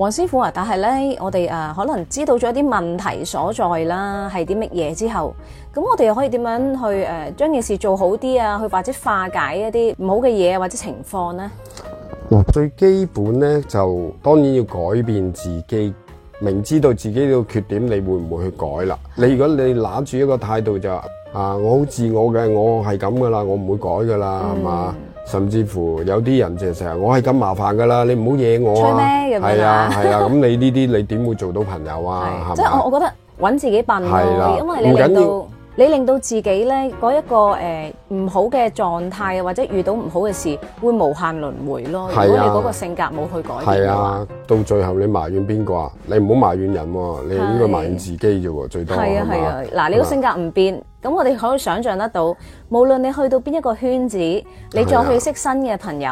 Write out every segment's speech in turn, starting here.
黃師傅啊，但係咧，我哋誒可能知道咗一啲問題所在啦，係啲乜嘢之後，咁我哋又可以點樣去誒將件事做好啲啊？去或者化解一啲唔好嘅嘢或者情況咧？嗱，最基本咧就當然要改變自己，明知道自己個缺點，你會唔會去改啦？你如果你拿住一個態度就啊，我好自我嘅，我係咁噶啦，我唔會改噶啦，係嘛？甚至乎有啲人就成日我係咁麻煩㗎啦，你唔好惹我啊，係啊係啊，咁你呢啲你點會做到朋友啊？是吧即係我我覺得揾自己笨、啊，啊、因為你嚟到。你令到自己咧嗰一個誒呃、唔好嘅狀態，或者遇到唔好嘅事，會無限輪迴咯。啊、如果你嗰個性格冇去改變，係啊，到最後你埋怨邊個啊？你唔好埋怨人喎、哦，啊、你應該埋怨自己啫喎，最多係啊，係啊，嗱、啊，吧你個性格唔變，咁我哋可以想象得到，無論你去到邊一個圈子，你再去識新嘅朋友，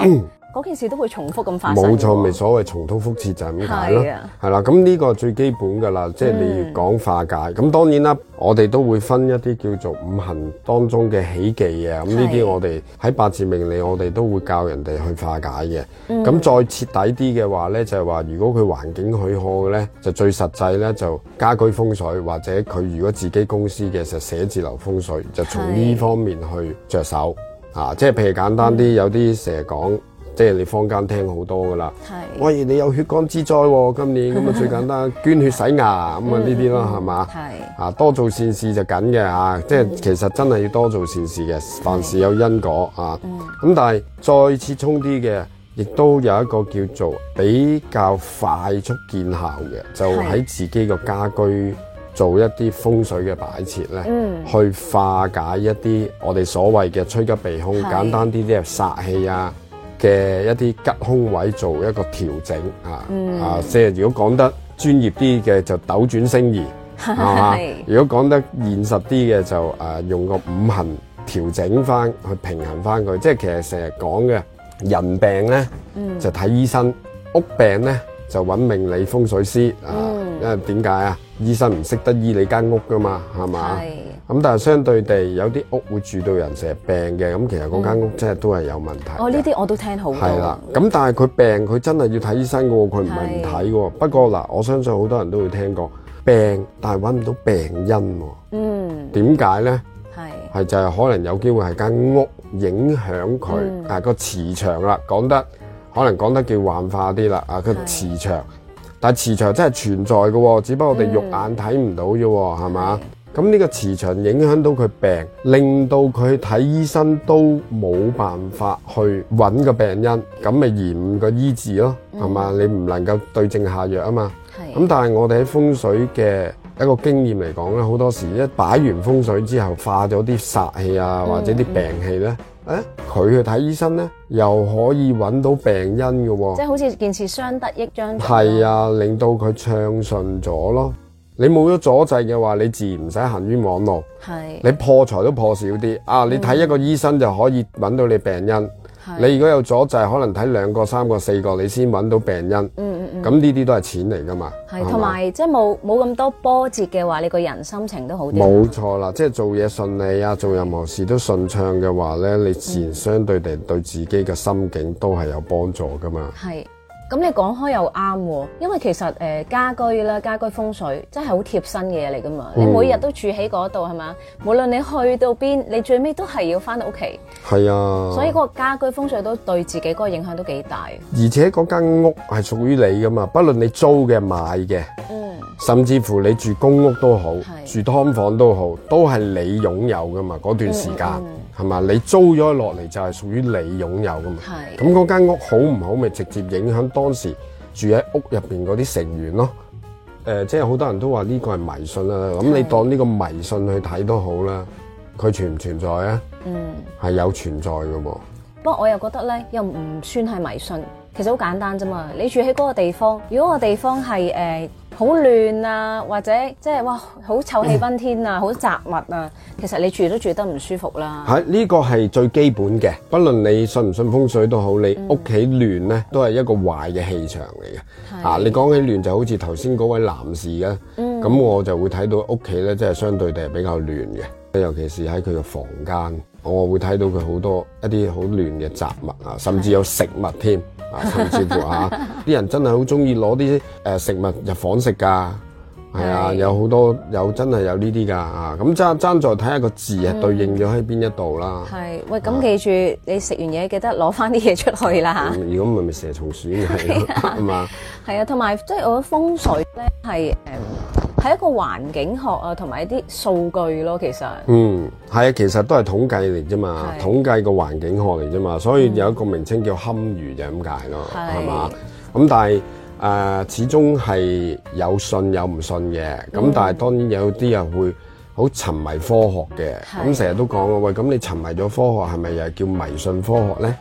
嗰件事都會重複咁發生，冇錯，咪所謂重蹈覆轍就係咁解咯。係啦是的，咁、這、呢個最基本噶啦，即係你講化解。咁、嗯、當然啦，我哋都會分一啲叫做五行當中嘅喜忌啊。咁呢啲我哋喺八字命理，我哋都會教人哋去化解嘅。咁、嗯、再徹底啲嘅話咧，就係話如果佢環境許可嘅咧，就最實際咧就家居風水，或者佢如果自己公司嘅就寫字樓風水，就從呢方面去着手。是的 啊，即係譬如簡單啲、嗯，有啲成日講。即係你坊間聽好多噶啦，喂，你有血光之災喎，今年咁啊，最簡單捐血洗牙咁啊呢啲咯，係嘛啊，多做善事就緊嘅啊！即係其實真係要多做善事嘅，凡事有因果啊。咁但係再次充啲嘅，亦都有一個叫做比較快速見效嘅，就喺自己個家居做一啲風水嘅擺設咧，去化解一啲我哋所謂嘅趨吉避凶，簡單啲啲係煞氣啊。嘅一啲吉凶位做一個調整啊，啊，即係如果講得專業啲嘅就斗轉星移，係嘛？如果講得現實啲嘅就誒用個五行調整翻去平衡翻佢，即係其實成日講嘅人病咧就睇醫生，屋病咧就揾命理風水師啊，因為點解啊？醫生唔識得醫你間屋㗎嘛，係嘛？咁但係相對地，有啲屋會住到人成日病嘅，咁其實嗰間屋真係都係有問題。嗯。哦，呢啲我都聽好。係啦。咁但係佢病，佢真係要睇醫生嘅喎，佢唔係唔睇嘅喎。是不過嗱，我相信好多人都會聽過病，但係揾唔到病因喎。嗯。點解咧？係是。係就係可能有機會係間屋影響佢，嗯、啊、個磁場啦，講得可能講得叫幻化啲啦，啊佢、個、磁場。是但係磁場真係存在嘅喎，只不過我哋肉眼睇唔到啫喎，係嘛、嗯？咁呢個磁場影響到佢病，令到佢睇醫生都冇辦法去揾個病因，咁咪延誤個醫治咯，係嘛？你唔能夠對症下藥啊嘛。咁但係我哋喺風水嘅一個經驗嚟講咧，好多時一擺完風水之後，化咗啲煞氣啊，或者啲病氣咧，誒佢去睇醫生咧，又可以揾到病因嘅。即係好似件事相得益彰。係啊，令到佢暢順咗咯。你冇咗阻滯嘅話，你自然唔使行冤枉路。係是，你破財都破少啲。啊，你睇一個醫生就可以揾到你病因。是你如果有阻滯，可能睇兩個、三個、四個，你先揾到病因。嗯嗯嗯。咁呢啲都係錢嚟噶嘛。係是，同埋吧即係冇冇咁多波折嘅話，你個人心情都好啲。冇錯啦，即係做嘢順利啊，做任何事都順暢嘅話咧，你自然相對地對自己嘅心境都係有幫助噶嘛。係。咁你講開又啱喎、哦，因為其實誒、呃、家居啦，家居風水真係好貼身嘅嘢嚟㗎嘛。嗯、你每日都住喺嗰度係嘛？無論你去到邊，你最尾都係要返到屋企。係啊。所以個家居風水都對自己嗰個影響都幾大。而且嗰間屋係屬於你㗎嘛，不論你租嘅、買嘅，嗯、甚至乎你住公屋都好，係。住劏房都好，都係你擁有㗎嘛。嗰段時間。嗯嗯嗯。係嘛？你租咗落嚟就係屬於你擁有噶嘛？係咁嗰間屋好唔好，咪直接影響當時住喺屋入邊嗰啲成員咯。誒、呃，即係好多人都話呢個係迷信啦。咁是你當呢個迷信去睇都好啦。佢存唔存在啊？嗯，係有存在噶噃。不過我又覺得咧，又唔算係迷信。其實好簡單啫嘛。你住喺嗰個地方，如果個地方係誒。呃好亂啊，或者即係哇，好臭氣熏天啊，好雜物啊，其實你住都住得唔舒服啦。係呢、啊呢個係最基本嘅，不論你信唔信風水都好，你屋企亂咧都係一個壞嘅氣場嚟嘅。的啊，你講起亂就好似頭先嗰位男士啊，咁、嗯、我就會睇到屋企咧，即、就、係、係、相對地係比較亂嘅。尤其是喺佢嘅房間，我會睇到佢好多一啲好亂嘅雜物啊，甚至有食物添啊，甚至乎吓，啲人真係好中意攞啲誒食物入房食噶，係啊，有好多有真係有呢啲噶啊，咁爭爭在睇下個字係對應咗喺邊一度啦。係，喂，咁記住你食完嘢記得攞翻啲嘢出去啦吓。如果唔係，咪蛇蟲鼠嘅係嘛？係啊，同埋即係我覺得風水咧係誒。係一個環境學啊，同埋一啲數據咯，其實。嗯，係啊，其實都係統計嚟啫嘛，統計個環境學嚟啫嘛，所以有一個名稱叫堪輿就咁解咯，係嘛？咁但係誒，始終係有信有唔信嘅，咁但係當然有啲人會好沉迷科學嘅，咁成日都講，喂，咁你沉迷咗科學係咪又係叫迷信科學咧？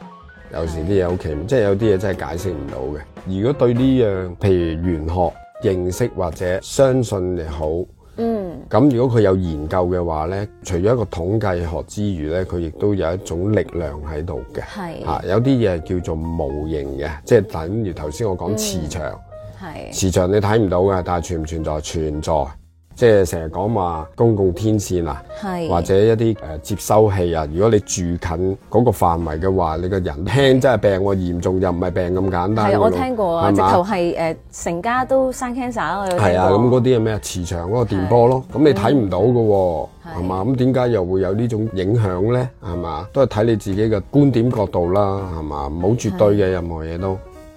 有時啲嘢好奇，即係有啲嘢真係解釋唔到嘅。如果對呢樣，譬如玄學。認識或者相信又好，嗯，咁如果佢有研究嘅話呢，除咗一個統計學之餘呢，佢亦都有一種力量喺度嘅，係是、啊、有啲嘢叫做模型嘅，即、就、係、是、等於頭先我講磁場，嗯、磁場你睇唔到㗎，但係存唔存在？存在。即係成日講話公共天線啊，是或者一啲誒、呃、接收器啊，如果你住近嗰個範圍嘅話，你個人聽真係病喎、啊，是嚴重又唔係病咁簡單。係啊，我聽過啊，吧直頭係誒成家都生 cancer 咯。係啊，咁嗰啲係咩？磁場嗰個電波咯，咁是你睇唔到嘅喎，係嘛是？咁點解又會有呢種影響咧？係嘛？都係睇你自己嘅觀點角度啦，係嘛？冇絕對嘅是是任何嘢都。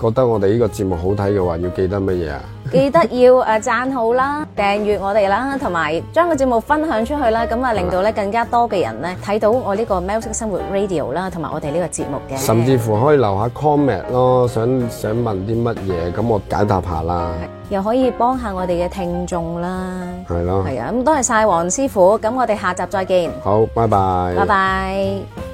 覺得我哋呢個節目好睇嘅話，要記得乜嘢啊？記得要誒讚好啦，訂閱我哋啦，同埋將個節目分享出去啦，咁啊令到咧更加多嘅人咧睇到我呢個喵式生活 Radio 啦，同埋我哋呢個節目嘅。甚至乎可以留下 comment 咯，想想問啲乜嘢，咁我解答下啦。又可以幫下我哋嘅聽眾啦。係咯。係啊，咁多謝晒黃師傅，咁我哋下集再見。好，拜拜。拜拜。